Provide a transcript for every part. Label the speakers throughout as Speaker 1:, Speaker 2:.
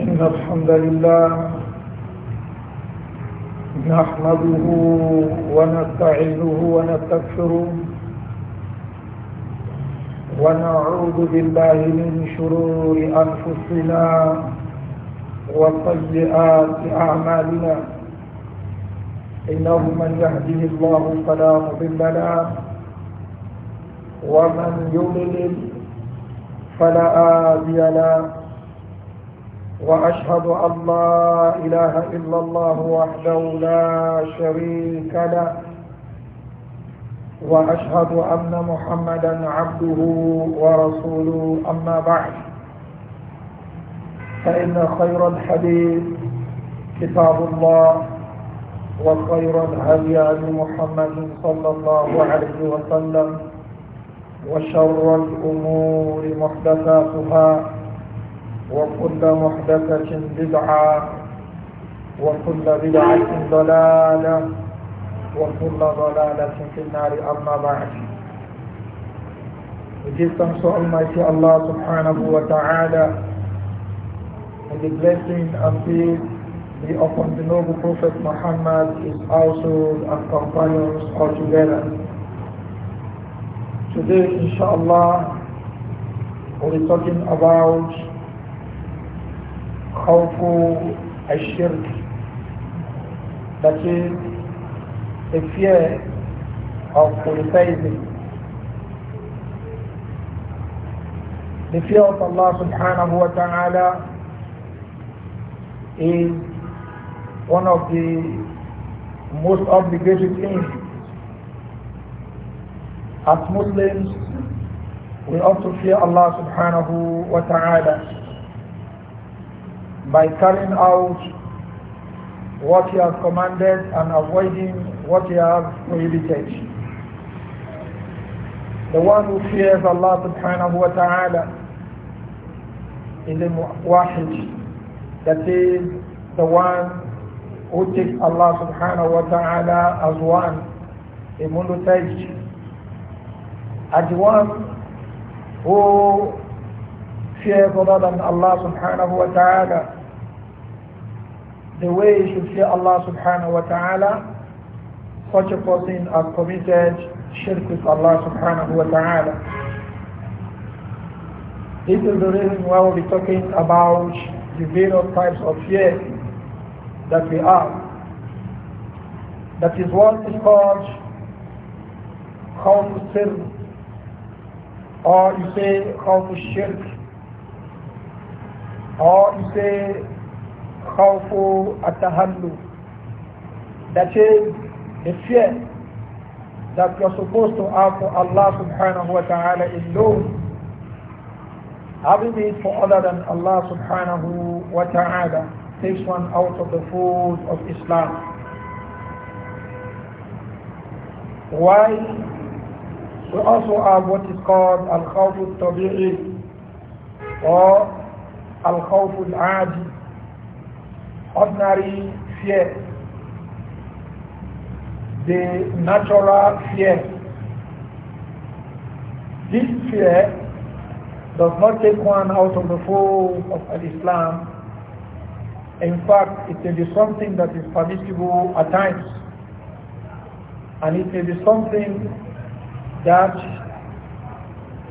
Speaker 1: إن الحمد لله نحمده ونستعينه ونستغفره ونعوذ بالله من شرور أنفسنا وطيئات أعمالنا إنه من يهده الله فلا مضل له ومن يضلل فلا هادي له وأشهد أن لا إله إلا الله وحده لا شريك له وأشهد أن محمدا عبده ورسوله أما بعد فإن خير الحديث كتاب الله وخير الهدي محمد صلى الله عليه وسلم وشر الأمور محدثاتها وكل محدثة بدعة وكل بدعة ضلالة وكل ضلالة في النار أما بعد We give thanks to Almighty Allah subhanahu wa ta'ala and the blessing and peace be upon the noble Prophet Muhammad, his household and companions all together. Today, inshallah, we'll be talking about خوف الشرك that is a fear of polytheism the fear of Allah subhanahu wa ta'ala is one of the most obligatory things as Muslims we ought to fear Allah subhanahu wa ta'ala by carrying out what he has commanded and avoiding what he has prohibited. The one who fears Allah subhanahu wa ta'ala is the muwahid, that is the one who takes Allah subhanahu wa ta'ala as one, a monotheist, as one who fears other than Allah subhanahu wa ta'ala the way you should fear Allah subhanahu wa ta'ala, such a person has committed shirk with Allah subhanahu wa ta'ala. This is the reason why we'll be talking about the various types of fear that we have. That is what is called khawf sir or you say khawf shirk or you say khawfu atahallu. That is the fear that you're supposed to have for Allah subhanahu wa ta'ala is Having it for other than Allah subhanahu wa ta'ala takes one out of the fold of Islam. Why? We also have what is called al-khawf al-tabi'i or al-khawf al-adi ordinary fear, the natural fear. This fear does not take one out of the fold of Islam. In fact, it may be something that is permissible at times. And it may be something that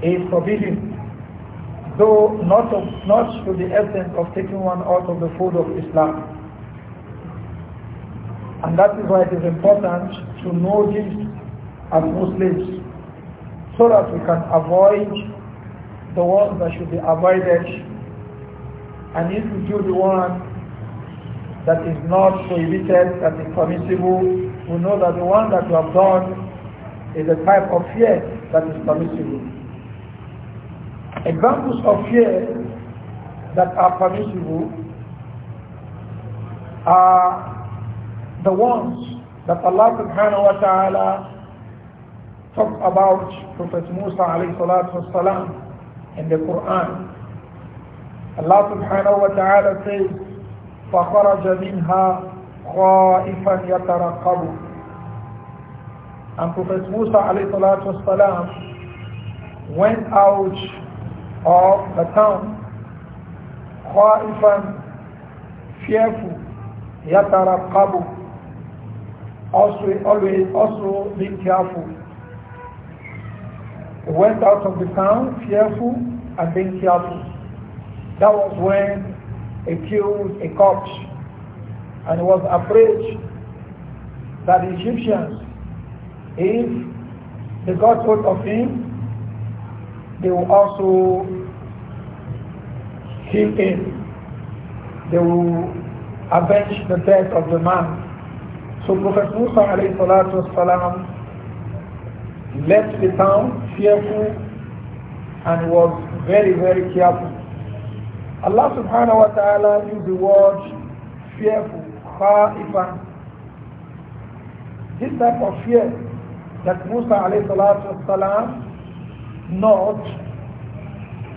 Speaker 1: is forbidden though not, of, not to the essence of taking one out of the fold of Islam. And that is why it is important to know this as Muslims, so that we can avoid the ones that should be avoided. And if we do the one that is not prohibited, that is permissible, we know that the one that we have done is a type of fear that is permissible. Examples of fear that are permissible are the ones that Allah subhanahu wa ta'ala talked about Prophet Musa alayhi salatu wasalam in the Quran. Allah subhanahu wa ta'ala says, فَخَرَجَ مِنْهَا خَائِفًا يَتَرَقَّبُ And Prophet Musa alayhi salatu wasalam went out of the town خائفا fearful يترقب also always also be careful he went out of the town fearful and being careful that was when he killed a corpse and was afraid that the Egyptians if they got hold of him they will also kill him. They will avenge the death of the man. So Prophet Musa alayhi left the town fearful and was very, very careful. Allah subhanahu wa ta'ala used the word fearful, khaifan. This type of fear that Musa alayhi salatu not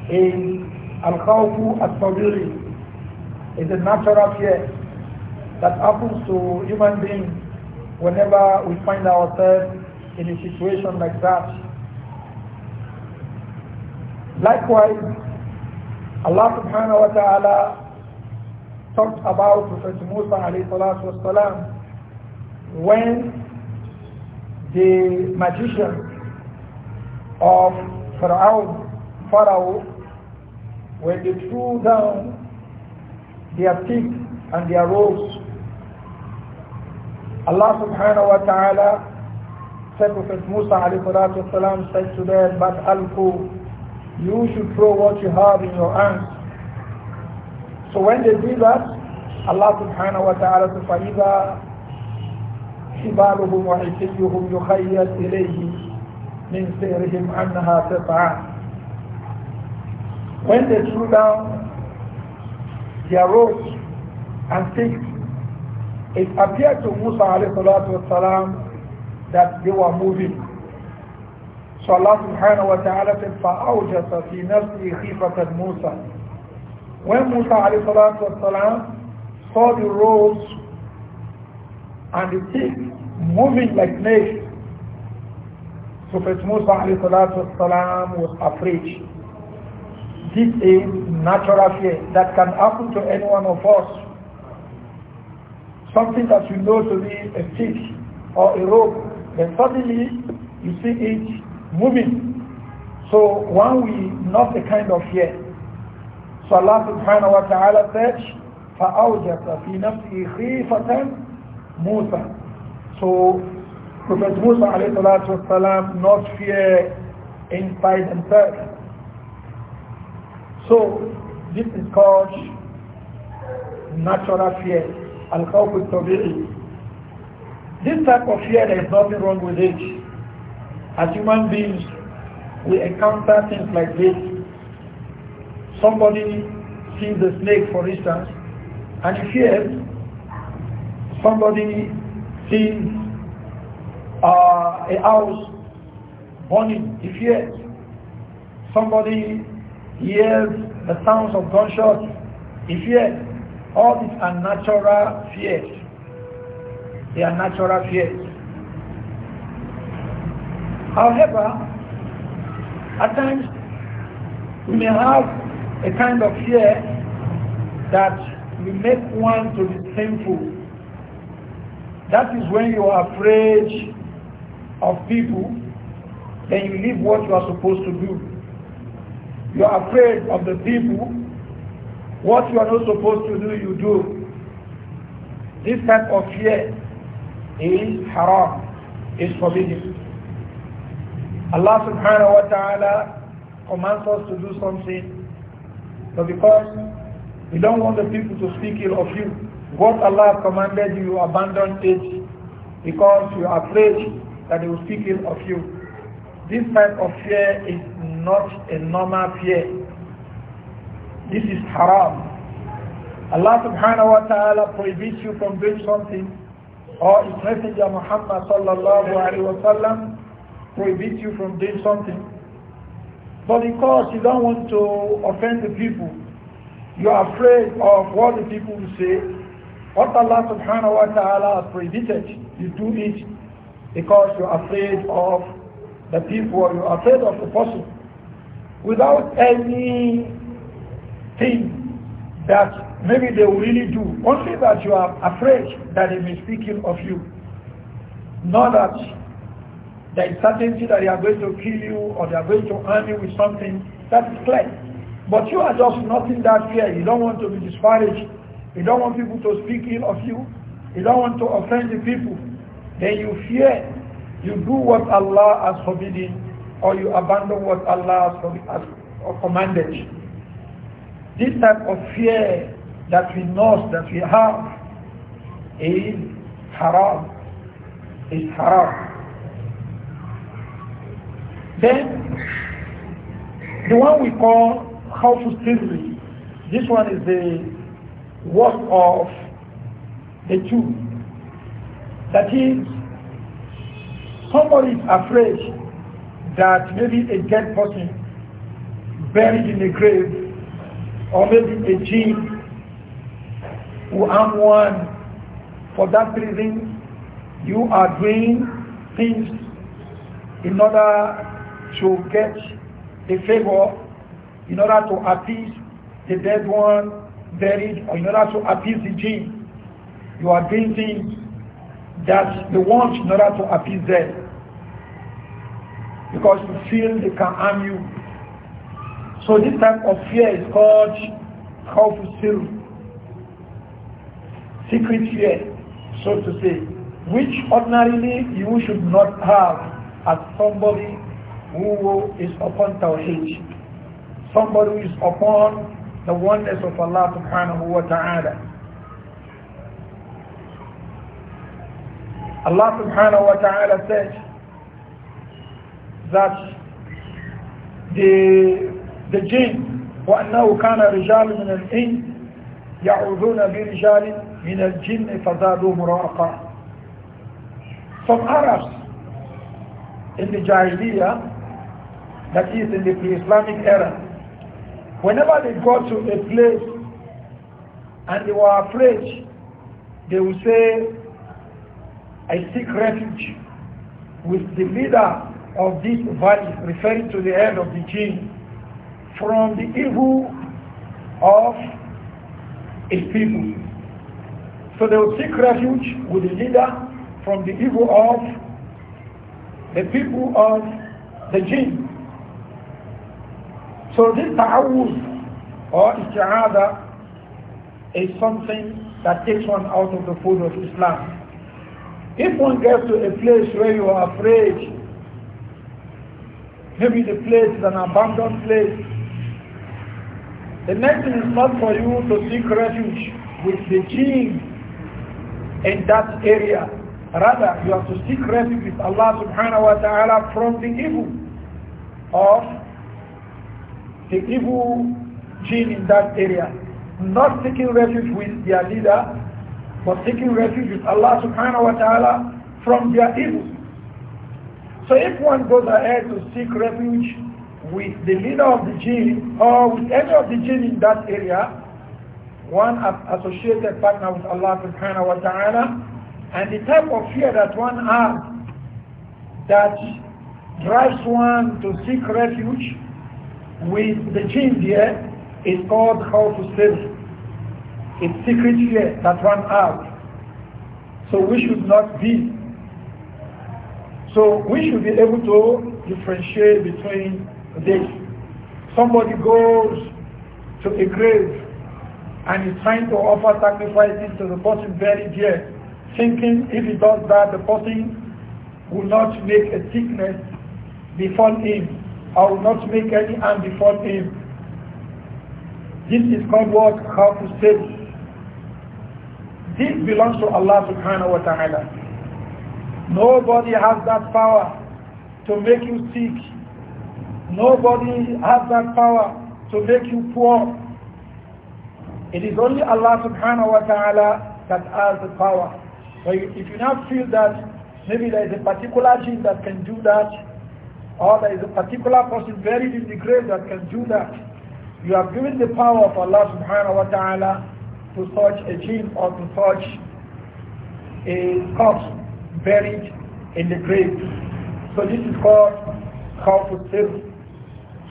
Speaker 1: in Al-Khawfu Al-Tawiri. It's a natural fear that happens to human beings whenever we find ourselves in a situation like that. Likewise, Allah subhanahu wa ta'ala talked about Prophet Musa alayhi salatu when the magician of Pharaoh, Pharaoh, when they threw down their pigs and their robes, Allah subhanahu wa ta'ala said Prophet Musa alayhi salatu wasalam said to them, but Alku, you should throw what you have in your hands. So when they did that, Allah subhanahu wa ta'ala said, فَإِذَا حِبَالُهُمْ وَعِسِيُّهُمْ يُخَيَّلْ إِلَيْهِ من سيرهم أنها تسعى When they threw down their arose and sticks, it appeared to Musa والسلام, that they were moving. So Allah subhanahu wa ta'ala said, فَأَوْجَسَ فِي نَفْسِهِ خِيفَةً مُوسَى When Musa والسلام, saw the rose and the sticks moving like snakes, Prophet Musa والسلام, was afraid. This is natural fear that can happen to any one of us. Something that you know to be a stick or a rope, then suddenly you see it moving. So one we not a kind of fear. So Allah subhanahu wa ta'ala said, فَأَوْجَسَ فِي نَفْسِهِ خِيفَةً مُوسَى So Prophet Musa والسلام, not fear inside and So this is called natural fear, al khawf tabii This type of fear, there is nothing wrong with it. As human beings, we encounter things like this. Somebody sees a snake, for instance, and he fears. Somebody sees uh, a house burning, if yes, somebody hears the sounds of gunshots, if yes, all these are natural fears. They are natural fears. However, at times we may have a kind of fear that we make one to be sinful. That is when you are afraid of people, then you leave what you are supposed to do. You are afraid of the people. What you are not supposed to do, you do. This type of fear is haram, is forbidden. Allah subhanahu wa ta'ala commands us to do something, but because you don't want the people to speak ill of you, what Allah commanded you, you abandon it because you are afraid that they will speak ill of you. This type of fear is not a normal fear. This is haram. Allah subhanahu wa ta'ala prohibits you from doing something or his messenger Muhammad sallallahu wa wasallam prohibits you from doing something. But because you don't want to offend the people, you are afraid of what the people will say, what Allah subhanahu wa ta'ala has prohibited, you do it because you are afraid of the people or you are afraid of the person without any thing that maybe they will really do. Only that you are afraid that they may speaking of you. Not that there is certainty that they are going to kill you or they are going to harm you with something. That is clear. But you are just not in that fear. You don't want to be disparaged. You don't want people to speak ill of you. You don't want to offend the people then you fear. You do what Allah has forbidden or you abandon what Allah has commanded. This type of fear that we know that we have is haram. Is haram. Then the one we call to sirri, this one is the worst of the two that is, somebody is afraid that maybe a dead person buried in a grave or maybe a jinn who am one. For that reason, you are doing things in order to get a favor, in order to appease the dead one buried, or in order to appease the jinn. You are doing things that they want in order to appease them because you feel they can harm you. So this type of fear is called khawf sir, secret fear, so to say, which ordinarily you should not have as somebody who is upon tawheed, somebody who is upon the oneness of Allah subhanahu wa ta'ala. Allah subhanahu wa ta'ala said that the the jinn وأنه كان رجال من الإنس يعوذون برجال من الجن فزادوا مراقا Some Arabs in the Jahiliyyah, that is in the pre-Islamic era, whenever they go to a place and they were afraid, they would say, I seek refuge with the leader of this valley, referring to the head of the jinn, from the evil of his people. So they will seek refuge with the leader from the evil of the people of the jinn. So this ta'awuz or isti'ada is something that takes one out of the fold of Islam. If one gets to a place where you are afraid, maybe the place is an abandoned place, the next thing is not for you to seek refuge with the jinn in that area. Rather, you have to seek refuge with Allah subhanahu wa ta'ala from the evil of the evil jinn in that area. Not seeking refuge with their leader but seeking refuge with Allah subhanahu wa ta'ala from their evil. So if one goes ahead to seek refuge with the leader of the jinn or with any of the jinn in that area, one associated partner with Allah subhanahu wa ta'ala and the type of fear that one has that drives one to seek refuge with the jinn there is called how to save. It's secret fear that one has. So we should not be. So we should be able to differentiate between this. Somebody goes to a grave and is trying to offer sacrifices to the person buried there, thinking if he does that, the person will not make a sickness befall him. I will not make any harm befall him. This is called what? How to save this belongs to Allah subhanahu wa ta'ala. Nobody has that power to make you sick. Nobody has that power to make you poor. It is only Allah subhanahu wa ta'ala that has the power. So if you now feel that maybe there is a particular gene that can do that, or there is a particular person buried in the grave that can do that, you have given the power of Allah subhanahu wa ta'ala to touch a chief or to touch a corpse buried in the grave. So this is called khawf sirr.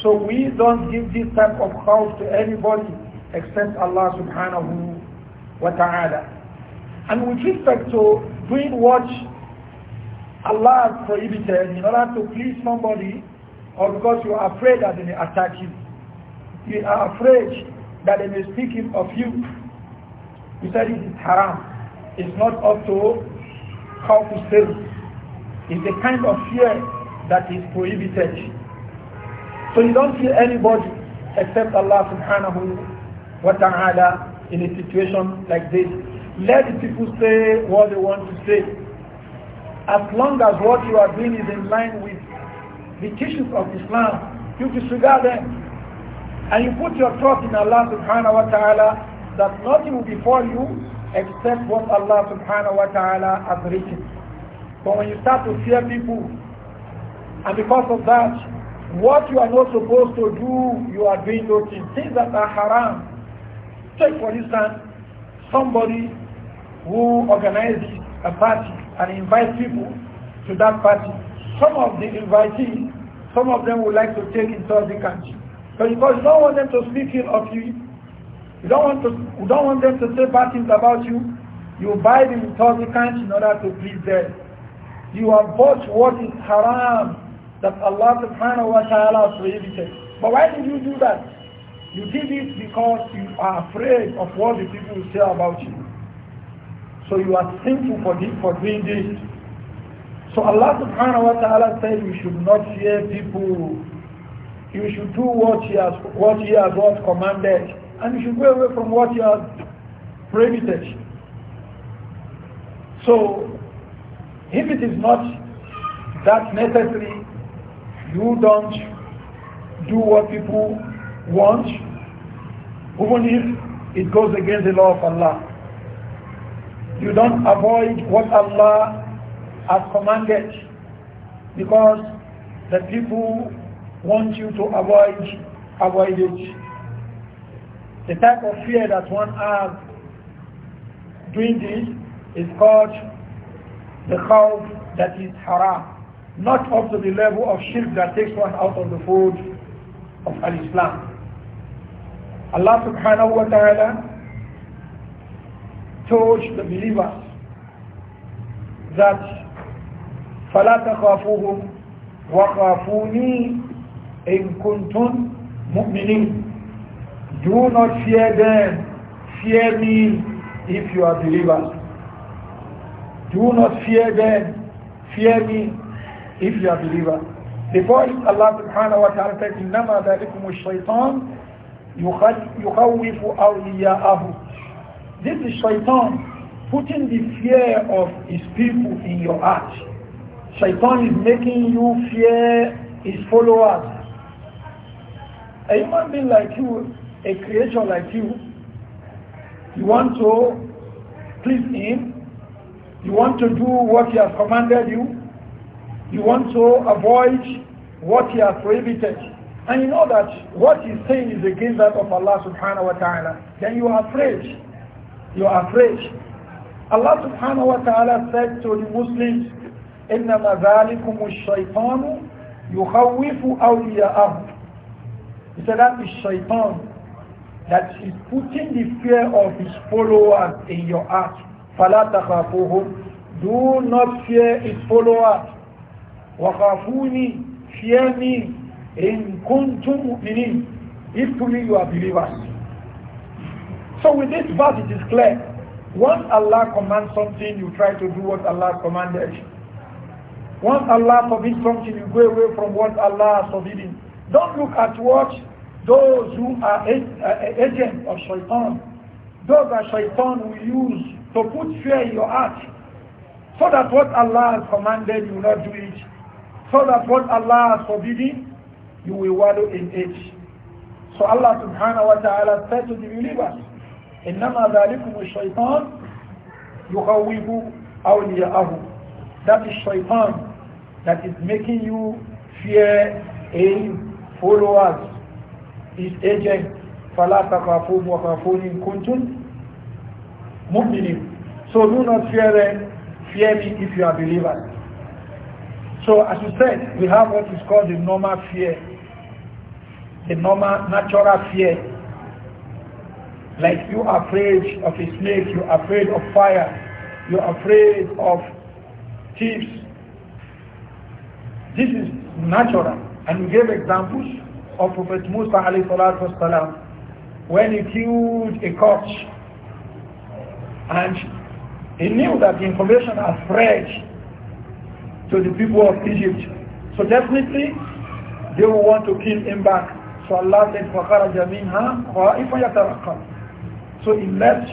Speaker 1: So we don't give this type of khawf to anybody except Allah subhanahu wa ta'ala. And with respect to doing what Allah has prohibited in order to please somebody or because you are afraid that they may attack you, you are afraid that they may speak ill of you, he said it is haram. It's not up to how to sell. It's the kind of fear that is prohibited. So you don't fear anybody except Allah subhanahu wa ta'ala in a situation like this. Let the people say what they want to say. As long as what you are doing is in line with the teachings of Islam, you disregard them. And you put your trust in Allah subhanahu wa ta'ala that nothing will befall you except what Allah subhanahu wa ta'ala has written. So when you start to fear people, and because of that, what you are not supposed to do, you are doing those things, things that are haram. Take for instance, somebody who organizes a party and invites people to that party. Some of the invitees, some of them would like to take country. But because you don't want them to speak ill of you, you don't want to, you don't want them to say bad things about you. You buy the intoxicants in order to please them. You bought what is haram that Allah subhanahu wa ta'ala prohibited. But why did you do that? You did it because you are afraid of what the people will say about you. So you are sinful for, this, for doing this. So Allah subhanahu wa ta'ala said you should not fear people. You should do what he has what he has what commanded and you should go away from what you have prohibited. So, if it is not that necessary, you don't do what people want, even if it goes against the law of Allah. You don't avoid what Allah has commanded because the people want you to avoid, avoid it. The type of fear that one has doing this is called the cause that is haram, not up to the level of shirk that takes one out of the fold of al-Islam. Allah subhanahu wa ta'ala told the believers that فلا wa وخافوني in kuntun mu'minin." Do not fear them. Fear me if you are believers. Do not fear them. Fear me if you are believers. Before Allah subhanahu wa ta'ala said, إِنَّمَا ذَلِكُمُ الشَّيْطَانِ يُخَوِّفُ أَوْلِيَاءَهُ This is shaitan putting the fear of his people in your heart. Shaitan is making you fear his followers. A human being like you a creature like you. You want to please him. You want to do what he has commanded you. You want to avoid what he has prohibited. And you know that what he's saying is against that of Allah subhanahu wa ta'ala. Then you are afraid. You are afraid. Allah subhanahu wa ta'ala said to the Muslims, إِنَّمَا ذَلِكُمُ الشَّيْطَانُ يُخَوِّفُ أَوْلِيَاءَهُ He said that is shaitan that is putting the fear of his followers in your heart. Falata Do not fear his followers. Wakafuni Fear me. إِن كُنْتُمْ If to you are believers. So with this verse it is clear. Once Allah commands something, you try to do what Allah commanded. Once Allah forbids something, you go away from what Allah has forbidden. Don't look at what those who are agents of shaitan, those that shaitan will use to put fear in your heart, so that what Allah has commanded you will not do it, so that what Allah has forbidden, you will wallow in it. So Allah subhanahu wa ta'ala said to the believers, إنما ذلكم الشيطان يخوف أولياءه That is shaitan that is making you fear a followers his agent فَلَا تَخَافُوهُمْ وَخَافُونِ كُنْتُمْ مُؤْمِنِينَ So do not fear them, fear me if you are believers. So as you said, we have what is called the normal fear, the normal natural fear. Like you are afraid of a snake, you are afraid of fire, you are afraid of thieves. This is natural. And we gave examples of Prophet Musa والسلام, when he killed a coach and he knew that the information had spread to the people of Egypt. So definitely they will want to kill him back. So Allah said, فَخَرَجَ مِنْهَا خَائِفًا So he left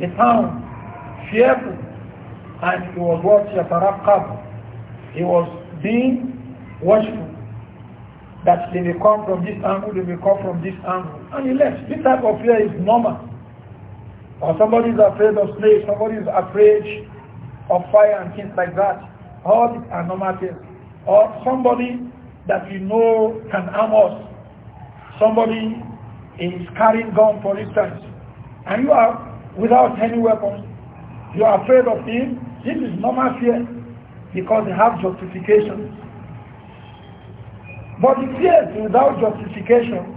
Speaker 1: the town fearful and he was what? يَتَرَقَّبُ He was being watchful that they may come from this angle, they may come from this angle. And he left. This type of fear is normal. Or somebody is afraid of snakes, somebody is afraid of fire and things like that. All these are normal things. Or somebody that we know can harm us. Somebody is carrying gun for instance. And you are without any weapons. You are afraid of him. This is normal fear because they have justification. But it is without justification.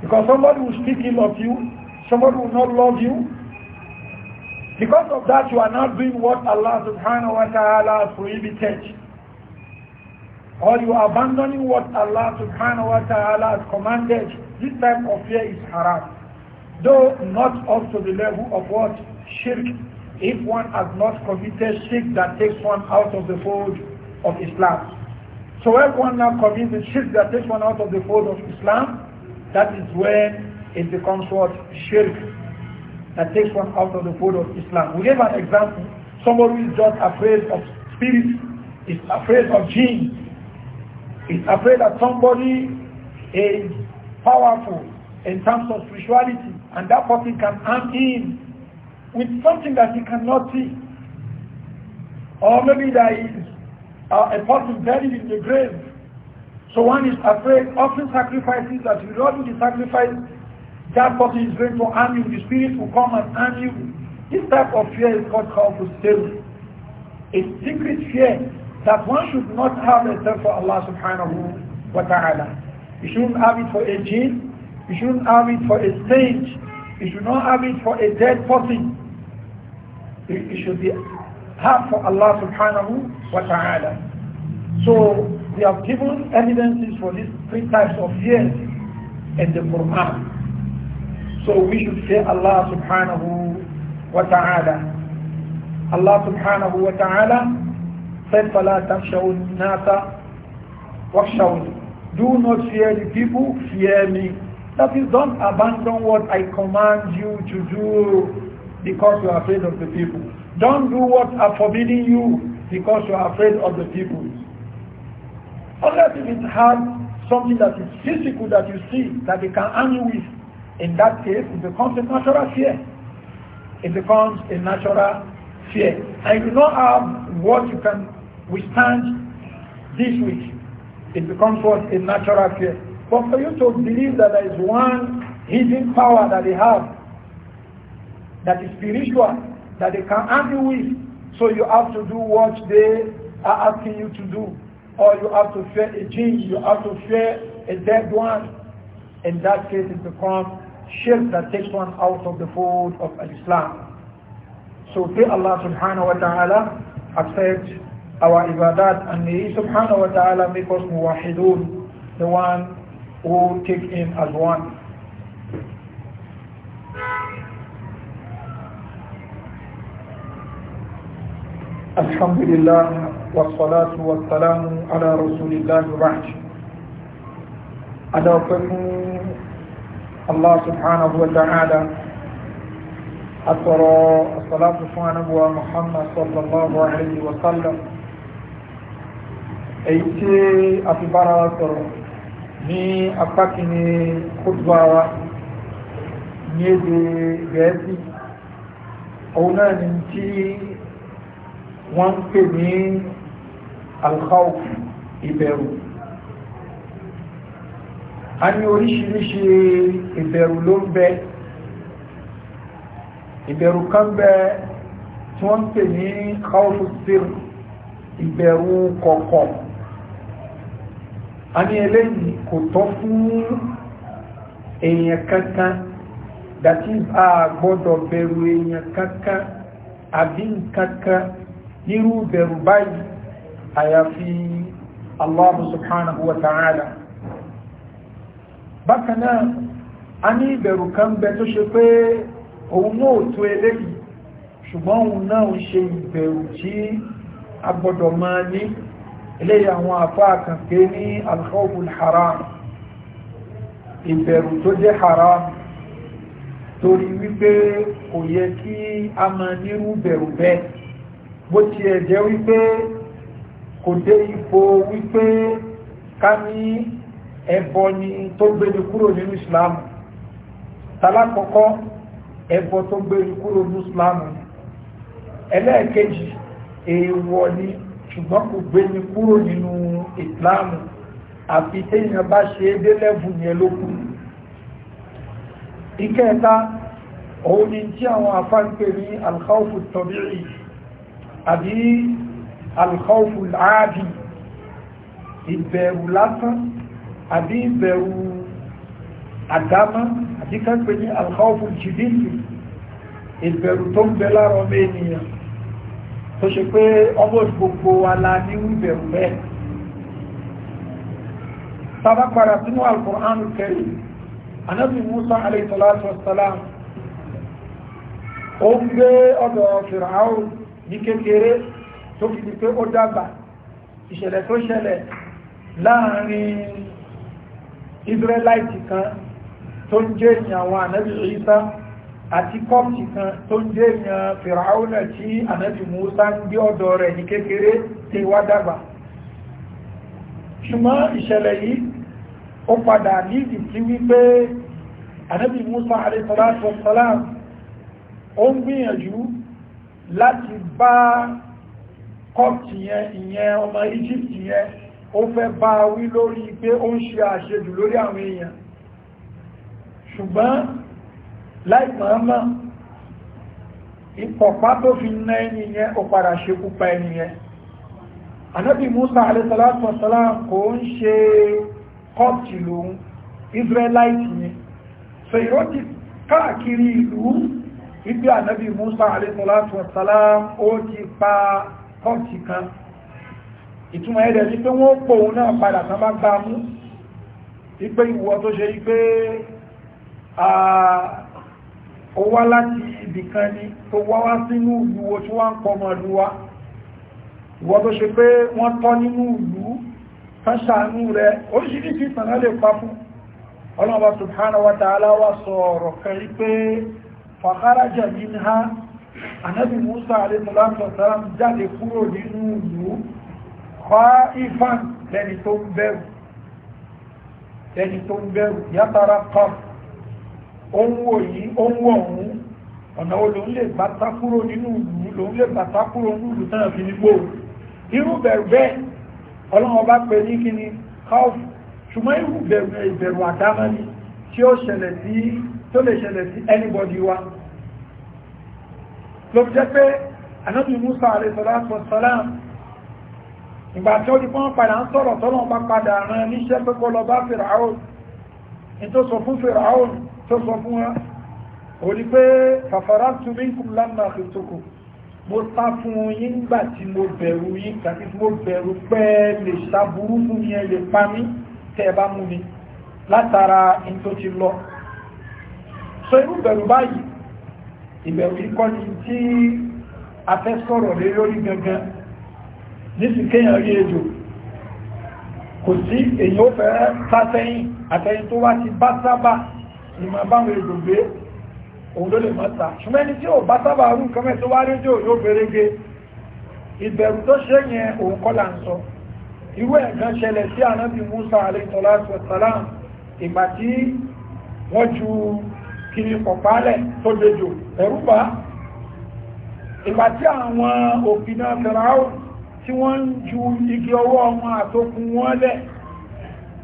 Speaker 1: Because somebody will speak ill of you, somebody will not love you. Because of that, you are not doing what Allah subhanahu wa ta'ala has prohibited. Or you are abandoning what Allah subhanahu wa ta'ala has commanded. This type of fear is haram. Though not up to the level of what? Shirk. If one has not committed shirk that takes one out of the fold of Islam. So everyone one now commits the shirk that takes one out of the fold of Islam, that is when it becomes what? Shirk. That takes one out of the fold of Islam. We gave an example. Somebody is just afraid of spirits, is afraid of jinn, is afraid that somebody is powerful in terms of spirituality and that person can harm him with something that he cannot see. Or maybe that is uh, a person buried in the grave. So one is afraid, often sacrifices that you don't do the sacrifice, that person is going to harm you, the spirit will come and harm you. This type of fear is called called still. It's secret fear that one should not have except for Allah subhanahu wa ta'ala. You shouldn't have it for a jinn, you shouldn't have it for a saint, you should not have it for a dead person. it should be have for Allah subhanahu wa ta'ala. So we have given evidences for these three types of fears in the Quran. So we should fear Allah subhanahu wa ta'ala. Allah subhanahu wa ta'ala said, فَلَا تَخْشَوُ النَّاسَ وَخْشَوْنِ Do not fear the people, fear me. That is, don't abandon what I command you to do because you are afraid of the people. Don't do what are forbidding you because you are afraid of the people. Unless if it has something that is physical that you see that they can harm you with, in that case it becomes a natural fear. It becomes a natural fear. And you do not have what you can withstand this week. It becomes what? A natural fear. But for you to believe that there is one hidden power that they have that is spiritual that they can argue with. So you have to do what they are asking you to do. Or you have to fear a jinn, you have to fear a dead one. In that case, it becomes shirk that takes one out of the fold of Islam. So may Allah subhanahu wa ta'ala accept our ibadat and may He subhanahu wa ta'ala make us muwahidun, the one who take Him as one. الحمد لله والصلاة والسلام على رسول الله بعد أدعوكم الله سبحانه وتعالى أترى الصلاة سبحانه محمد صلى الله عليه وسلم أيتي أتبارا ترى ni apákiní kúrúbà wa ní èdè gẹ̀ẹ́sì òun ni tí wọ́n ń pè ní alkhawf ìbẹ̀rù a ní oríṣiríṣi ìbẹ̀rù ló ń bẹ ìbẹ̀rù kan bẹ tí wọ́n ń pè ní khawf sir ìbẹ̀rù kọ̀kọ̀ a ní eléyìí kò tọ́ fún èèyàn kankan dàtí a gbọ́dọ̀ bẹ̀rù èèyàn kankan àbí nkankan nírú bẹ̀rù báyìí àyàfi Allah subhanahu wa ta'ala bákan náà a ní ìbẹ̀rù kan bẹ tó ṣe pé òun náà tó eléyìí ṣùgbọ́n òun náà ń ṣe ìbẹ̀rù tí a gbọ́dọ̀ máa ní eléyìí àwọn àfáà kan pé ní al haram ìbẹ̀rù tó jẹ́ bó tiẹ̀ jẹ́ wípé kò dé ipò wípé ká ní ẹbọ ni tó gbéni kúrò nínú islam talákọ̀ọ́kọ́ ẹbọ tó gbéni kúrò nínú islam ẹlẹ́ẹ̀kejì èèwọ̀ ni ṣùgbọ́n kò gbéni kúrò nínú islam àfi téèyàn bá ṣe é dé lẹ́bùn yẹn lókun ìkẹta òun ni tí àwọn afáǹpẹ̀ ní alkhawfu tọ́bírì àbí alkhawfu láàbì ìbẹ̀rù lásán àbí ìbẹ̀rù àdámá àbí kápẹ́ ní alkhawfu jìdìlì ìbẹ̀rù tó ń bẹ lára ọmọ ènìyàn tó ṣe pé ọmọ gbogbo wa la ní ìbẹ̀rù bẹ́ẹ̀ tàbá padà sínú alkùnránù kẹrì anábì musa alayhi salatu ó gbé ọ̀dọ̀ fìràáhùn ní kékeré tó fi di pé ó dàgbà ìṣẹ̀lẹ̀ tó ṣẹlẹ̀ láàrin israelite kan tó ń jẹ́ èèyàn àwọn ànábì Ìsá àti kọ́pì kan tó ń jẹ́ èèyàn fìràúnà tí ànábì Mùsá ń gbé ọ̀dọ̀ rẹ̀ ní kékeré tí wá dàgbà ṣùgbọ́n ìṣẹ̀lẹ̀ yìí ó padà nídi tí wípé ànábì Mùsá alayhi ó ń gbìyànjú láti bá kọ́ọ̀tì yẹn ìyẹn ọmọ Egypt yẹn ó fẹ́ bá wí lórí pé ó ń ṣe àṣejù lórí àwọn èèyàn ṣùgbọ́n láì mọ̀ọ́mọ̀ ìpọ̀pá tó fi ná ẹni yẹn ó padà ṣekú pa ẹni yẹn anábì Musa alayhisalatu wasalam kò ń ṣe kọ́ọ̀tì lòun Israelite yẹn so ìrọ́tì káàkiri ìlú ibi ànábì musa alẹ́sọ̀láṣù ọ̀sálàm ó ti pa kọ́ọ̀tì kan ìtumọ̀ ẹ̀rẹ̀ ní pé wọ́n pò òun náà padà tán bá gbá mú ipé ìwọ tó ṣe ipé ó wá láti ibìkan ni tó wá wá sínú ìlú wo tí wọ́n ń pọmọ ìlú wa tó ṣe pé wọ́n tọ́ nínú ìlú fẹ́ṣàánú rẹ̀ oríṣiríṣi ìtànà lè pa fún ọlọ́ọ̀bá subhanahu wa ta'ala wa sọ kan rí pé fàkáràjà nínú anábì musa alẹ́sọ̀lọ́sọ̀sọ́lọ́m jáde kúrò nínú ìlú kọ́ ifan lẹni tó ń bẹ̀rù lẹni tó ń bẹ̀rù yátara kọf ohun òyí ohun ọ̀hún ọ̀nà wo ló ń lè bàtà kúrò nínú ìlú ló ń lè bàtà kúrò nínú ìlú tí ó ṣẹlẹ̀ sí tó lè ṣẹlẹ̀ sí anybody wa ló jẹ́ pé anábì musa àrẹ sọ́láàtù sọ́láàm ìgbà tí ó di pọ́n padà ń sọ̀rọ̀ tọ́lọ́ bá padà rán níṣẹ́ pé kó lọ bá fìràún ní tó sọ fún fìràún tó sọ fún wọn ò ní pé fàfàrà tún mí kù lánà àfẹ́tòkù mo sá fún yín gbà tí mo bẹ̀rù yín kàtí mo bẹ̀rù pé lè ṣàbúrú fún yẹn lè pa mí tẹ́ bá mú mi látara ní tó ti lọ so irú bẹ̀rù báyìí ìbẹ̀rù ikọ́ ni tí a fẹ́ sọ̀rọ̀ lé lórí gangan nísì kéèyàn rí ejò kò sí èyàn ó fẹ́ sátẹ́yìn àtẹ́yìn tó wá ti bá sábà ìmọ̀ báwọn ejò gbé òun ló lè mọ́ ta ṣùgbọ́n ẹni tí ó bá sábà rú nǹkan tó wá rédíò yóò fẹ́rẹ́gẹ́ ìbẹ̀rù tó ṣe yẹn òun kọ́ là ń sọ irú ṣẹlẹ̀ sí ànábì Musa alayhi salatu ìgbà tí wọ́n ju kiri pọ̀pálẹ̀ tó dejò ẹ̀rúbá ìgbà tí àwọn òfinà fẹ̀ráù tí wọ́n ń ju igi ọwọ́ wọn àtòkùn wọn lẹ̀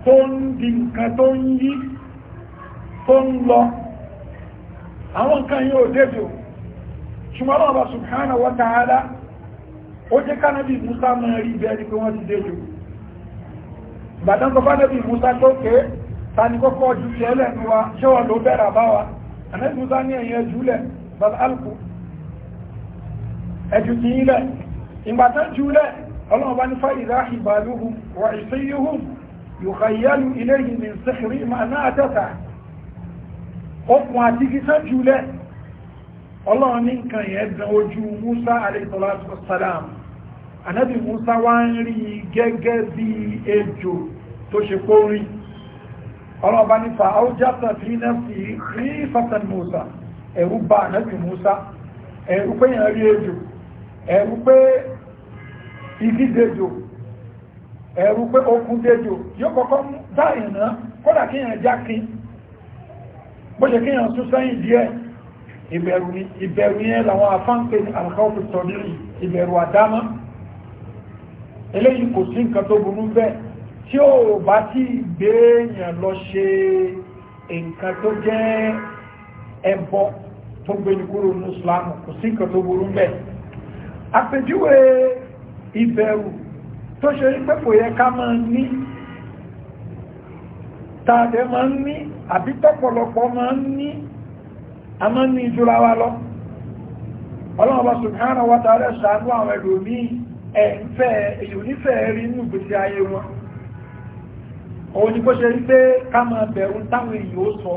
Speaker 1: tó ń di nǹkan tó ń yí tó ń lọ àwọn nǹkan yìí ò dejò ṣùgbọ́n Allah subhanahu wa ta'ala ó jẹ́ kánàbí Musa mọ́ rí bẹ́ẹ̀ ni pé wọ́n ti dejò tani kọ́kọ́ ju tẹ́lẹ̀ ní wa ṣé wà ló bẹ̀rẹ̀ àbáwa ànábì Musa ní ẹ̀yìn ẹjúlẹ̀ bàbá alùpù ẹjù ti ilẹ̀ ìgbàtà júlẹ̀ ọlọ́run bá ní fàyíra ìbàlúhù wà ìsíyíhù yùkàyẹ́lù ilé ìmì sẹ́kìrí ma náà tẹ́ta okùn àti gísẹ́ júlẹ̀ ọlọ́run ní ọlọ́ọ̀bá ní fa áújáta fi iná fi rí fatan musa ẹ̀rú bá ànábì musa ẹ̀rú pé yàn rí ejò ẹ̀rú pé igi dejò ẹ̀rú pé okun dejò yóò kọ́kọ́ dáyìn náà kí yàn jákin bó ṣe kí yàn sún sẹ́yìn díẹ̀ ìbẹ̀rù ni ìbẹ̀rù yẹn làwọn afáǹpé ní alkhawfi tọ́lírì ìbẹ̀rù àdámá eléyìí kò sí nǹkan tó burú bẹ́ẹ̀ tí ó bá tí gbé èèyàn lọ ṣe nǹkan tó jẹ́ ẹbọ tó gbẹ̀yìn kúrò ní islam kò sí nǹkan tó burú mẹ́ àpèjúwe ìbẹ̀rù tó ṣe rí pé kò yẹ ká máa ní tààdẹ máa ní àbí tọ́pọ̀lọpọ̀ ní a máa ń ní ìjọra wa lọ ọlọ́run bá subhanahu wa ta'ala ṣàánú àwọn ẹlòmíì ẹ̀ ń fẹ́ èyí onífẹ́ rí nínú ìgbésí ayé wọn òun ni kó ṣe rí pé ká máa bẹ̀rù táwọn èèyàn ó sọ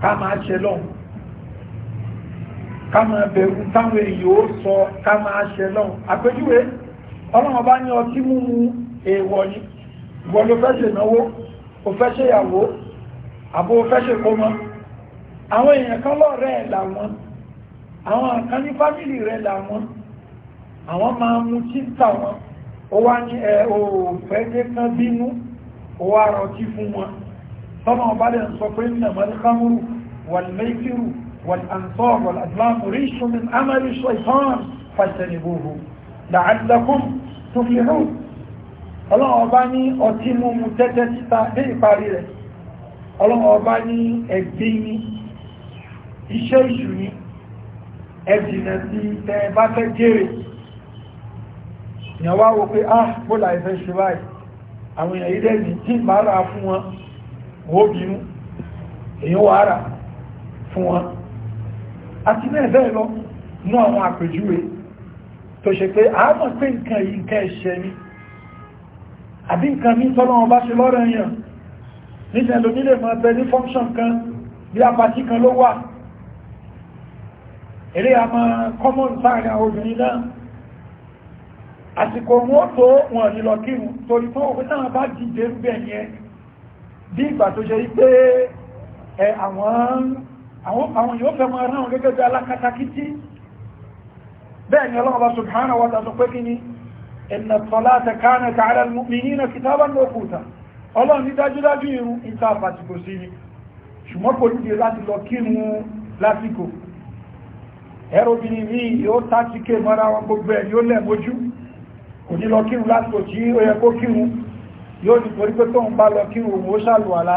Speaker 1: ká máa ṣe lọ́hùn ká máa bẹ̀rù táwọn èèyàn ó sọ ká máa ṣe lọ́hùn àpèjúwe ọlọ́run bá ní ọtí múmu èèwọ̀ ni ìwọ ló fẹ́ ṣe náwó o fẹ́ ṣe ìyàwó àbò o fẹ́ ṣe kómọ àwọn èèyàn kan lọ́rẹ́ ẹ̀ làwọn àwọn kan ní fámìlì rẹ̀ làwọn àwọn máa mú títà wọn ó wá ní ẹ̀ ò fẹ́ dé kan bínú ó wá rọtí fún wọn tọ́nà ọba lè sọ pé ní àmàlì kámúrù wàlmẹ́kìrù wàlànsọ́ wàlàdìláàmù ríṣùn min amẹ́lì sọ ìtàn fàṣẹ̀nìbòhù làálẹ́kùn tó fi hù ọlọ́wọ́ ọba ní ọtí múmu tẹ́tẹ́ títa bá fẹ́ jèrè ìyàwó pé ah bó láì ṣe báyìí àwọn èèyàn ilé ní tí máa rà fún wọn wọ́n bínú èyí wà rà fún wọn àti bẹ́ẹ̀ bẹ́ẹ̀ lọ ní àwọn àpèjúwe tó ṣe pé a mọ̀ pé nǹkan yìí nǹkan ẹ̀ṣẹ̀ ni àbí nǹkan ní tọ́lọ́wọ́n bá ṣe lọ́rọ̀ èèyàn níṣẹ́ ló nílé mọ́ bẹ ní fọ́nṣọ̀n kan bí apatí kan ló wà eré àmọ́ common sáàrin àwọn obìnrin náà àsìkò wọn tó wọn ní lọ kírun torí tó òpin náà bá dìde rúbẹ̀ yẹn bí ìgbà tó ṣe pé àwọn yóò fẹ́ máa ráhùn gẹ́gẹ́ bí alákatakítí bẹ́ẹ̀ ni ọlọ́ọ̀bá subhanahu wa ta'ala sọ pé kí ni ẹ̀nà tọ́látẹ̀ káàrẹ̀ káàrẹ̀ mìíràn kìtàbà ní òkúta ọlọ́run ní dájúdájú irun ìta àpàtìkò sí ni ṣùgbọ́n kò níbi kò ní lọ kírun lásìkò tí ó yẹ kó kírun yóò ní torí pé tóun bá lọ kírun òun ó ṣàlùwàlá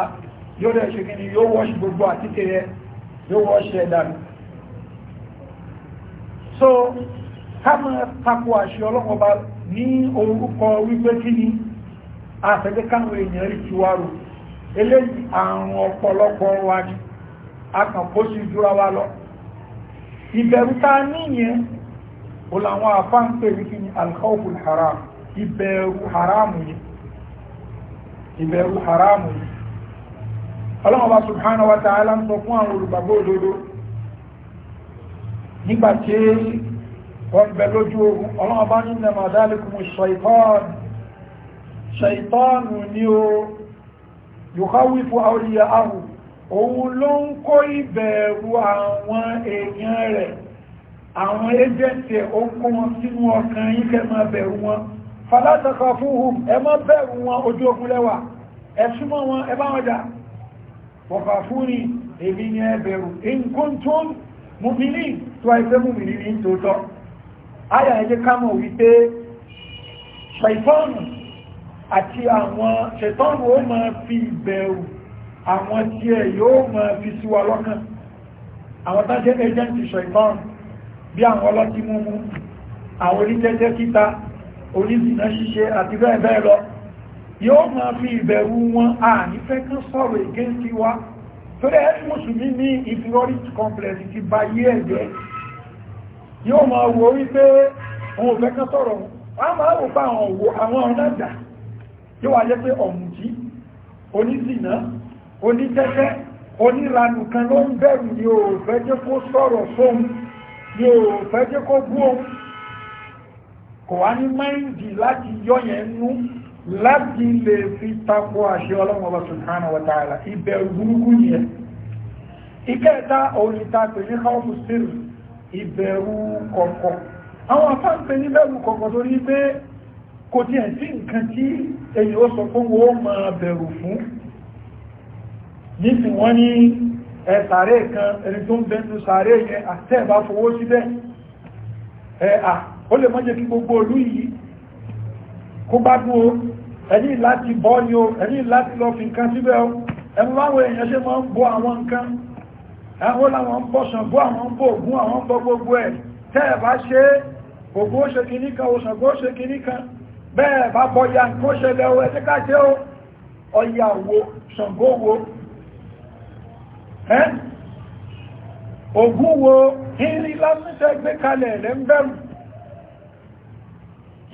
Speaker 1: yóò rẹ̀ ṣe kíni yóò wọ́ṣì gbogbo àtìkè rẹ̀ yóò wọ́ṣì ẹ̀dàrí so ká máa tako àṣẹ ọlọ́mọba ní orúkọ wípé kíni àfẹ́gbẹ́ káwọn èèyàn rí ti wárò eléyìí àrùn ọ̀pọ̀lọpọ̀ wa ni a kàn kó sí ìdúra wa lọ ìbẹ̀rù ta níyẹn ó làwọn àfá ń pè ní kí ni alkhawful haram ìbẹ̀rù haramu ni ìbẹ̀rù haramu ni ọlọ́wọ́ bá subhanahu wa ta'ala ń sọ fún àwọn olùgbàgbọ́ òdodo nígbàtí wọ́n bẹ lójú ogun ọlọ́wọ́ ní nẹ̀mà dálékùnmù ṣaitọ́nù ṣaitọ́nù ni ó yòkáwífò àwòrìyà ahù òun ló ń kó ìbẹ̀rù àwọn èèyàn rẹ̀ àwọn ẹjẹ́ntì ẹ̀ ó kó wọn sínú ọkàn yí kẹ́ máa bẹ̀rù wọn falátakọ fúhùn ẹ má bẹ̀rù wọn ojú ogun lẹ́wà ẹ súnmọ́ wọn ẹ bá wọn jà wọ̀fà fúnni èmi ni ẹ bẹ̀rù nǹkan tó mùmìnì tó àìfẹ́ mùmìnì ní tòótọ́ ayà ẹjẹ́ kámọ̀ wípé ṣàìfọ́nù àti àwọn ṣẹ̀tọ́nù ó máa fi bẹ̀rù àwọn tí ẹ̀ yóò máa fi síwa lọ́kàn àwọn tájẹ́ bí àwọn ọlọ́tí múmú àwọn oníjẹ́jẹ́ kíta oníṣìná ṣíṣe àti bẹ́ẹ̀ bẹ́ẹ̀ lọ yóò máa fi ìbẹ̀rù wọn à nífẹ́ kán sọ̀rọ̀ against wa torí ẹni mùsùlùmí ní inferiority complex ti ba yí ẹ̀jẹ́ yóò máa wo wípé òun òfẹ́ kán sọ̀rọ̀ wọn máa wò bá àwọn òwò àwọn ọ̀nà dà yóò wá pé ọ̀mùtí oníṣìná oníjẹ́jẹ́ oníranù kan ló ń bẹ̀rù ni òfẹ́ kó sọ̀rọ̀ fóun ni ò fẹ́ jẹ́ kó bú òun kò wá ní máìndì láti yọ yẹn nú láti lè fi tako àṣẹ ọlọ́run ọba subhanahu wa ta'ala ìbẹ̀rù burúkú yẹn ìkẹta òrìta pè ní káwọ́pù sírù ìbẹ̀rù kọ̀kọ̀ àwọn afáǹpẹ̀ ní bẹ̀rù kọ̀kọ̀ torí pé kò tí ẹ̀ sí nǹkan tí èyí ó sọ fún wọn máa bẹ̀rù fún nísìn wọ́n ní ẹ sàárè kan ẹni tó ń bẹnu sàárè yẹn àtẹ́ bá fowó síbẹ̀ ẹ à ó lè mọ́jẹ́ kí gbogbo olú yìí kó bá dún o ẹni láti bọ́ ni o ẹni láti lọ fi nǹkan síbẹ̀ o ẹnu láwọn èèyàn ṣe máa ń bọ́ àwọn nǹkan ẹ̀hún láwọn ń bọ́ ṣàngó àwọn ń bọ́ ògún àwọn ń bọ́ gbogbo ẹ̀ tẹ́ ẹ bá ṣe ògún ó ṣe kìíní kan òṣàngó ó ṣe kìíní kan bẹ́ẹ̀ bá bọ́ ya nǹkan ṣẹlẹ̀ o ẹ̀ ogun wo ìrìn lásìtẹ́ gbé kalẹ̀ lẹ́ ń bẹ̀rù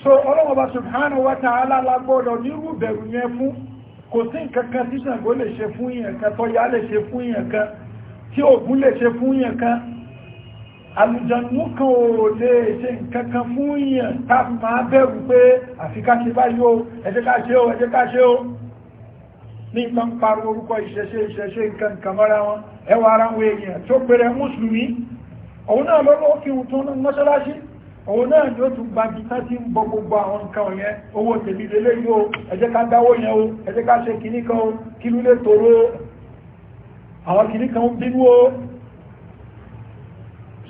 Speaker 1: so ọlọ́wọ́ba subhanahu wa ta'ala lágbọ́dọ̀ nírú bẹ̀rù yẹn fún kò sí nǹkankan tí Ṣàngó lè ṣe fún yẹn kan tọ́yá lè ṣe fún yẹn kan tí Ògún lè ṣe fún yẹn kan àlùjànnú kan ò lè ṣe nǹkankan fún yẹn tá máa bẹ̀rù pé àfikáṣe báyìí ó ẹjẹ́káṣe ó ẹjẹ́káṣe ó ní nǹkan pariwo orúkọ ìṣẹ̀ṣe ìṣẹ̀ṣe nǹkan kàmọ́ra wọn ẹwà ara wọn èèyàn tó pèrè mùsùlùmí òun náà lọ́lọ́ kí wọn tó ń mọ́ṣáláṣí òun náà ni ó tún gba gita tí ń gbogbo àwọn nǹkan yẹn owó tèmi lélẹ́ yìí o ká dáwó yẹn o ẹ ká ṣe kìíní kan o kí ló lè tòrò àwọn kìíní kan bínú o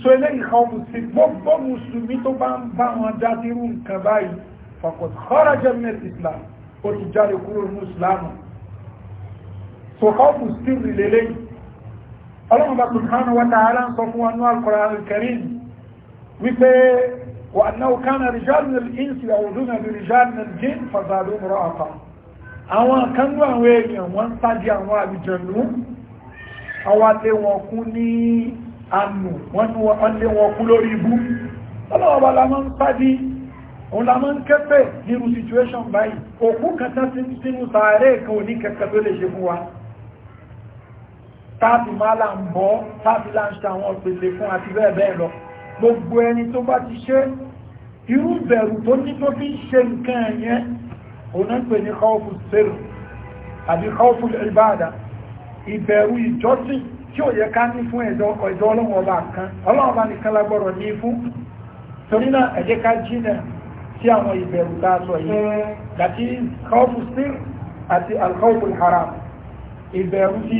Speaker 1: so eléyìí kan mùsùlùmí gbogbo mùsùlùmí tó bá ń bá wọn dá dírú nǹkan báyìí fọkàn kọ́ra jẹ́ mẹ́sì islam ó ti jáde kúrò ní islam fòkọ́bù sí ìrìlélé ọlọ́mọba subhanahu wa ta'ala ń sọ fún wa ní al-Qur'an al-Karim wípé wa annahu kana rijalun min al-insi ya'uduna bi rijalin min al-jinn fazaduhum rahaqa àwọn kanú àwọn èèyàn wọ́n sáájú àwọn àbìjẹ̀lú àwọn alé wọn kú ní àmù wọ́n lé wọn kú lórí ibú ọlọ́ọ̀bá la máa ń sáájú òun situation báyìí òkú kẹta sínú sàárè kan ò tó lè ṣe fún wa táàbì máa là ń bọ́ táàbì là ń ṣe àwọn òpèlè fún àti bẹ́ẹ̀ bẹ́ẹ̀ lọ gbogbo ẹni tó bá ti ṣe irú bẹ̀rù tó ní tó fi ṣe nǹkan ẹ̀yẹn òun ń pè ní kọ́ọ̀fù sẹ́rù àbí kọ́ọ̀fù ìbáàdà ìbẹ̀rù ìjọsìn tí ò yẹ ká ní fún ẹ̀dọ́ ọ̀dọ́ ọlọ́run ọba kan ọlọ́run ọba nìkan lágbọ́rọ̀ ní fún torí náà ẹ jẹ́ ká jìnà sí àwọn ìbẹ̀rù tá a sọ yìí dàtí kọ́ọ̀fù sẹ́rù àti alkọ́ọ̀fù haram ìbẹ̀rù ti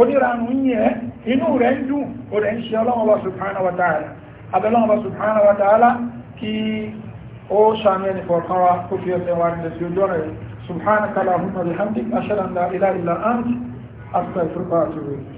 Speaker 1: onírànú yẹ inú rẹ̀ ń dùn o rẹ̀ ń ṣe ọlọ́wọ́ subhanahu wa ta'ala abẹ́lọ́wọ́ subhanahu wa ta'ala kí ó ṣàmì ẹni kọ̀ọ̀kan wa kó fi ẹsẹ̀ wa nílẹ̀ sí ojú ọ̀rẹ́ subhanaka lahumma bihamdik ashhadu an la ilaha illa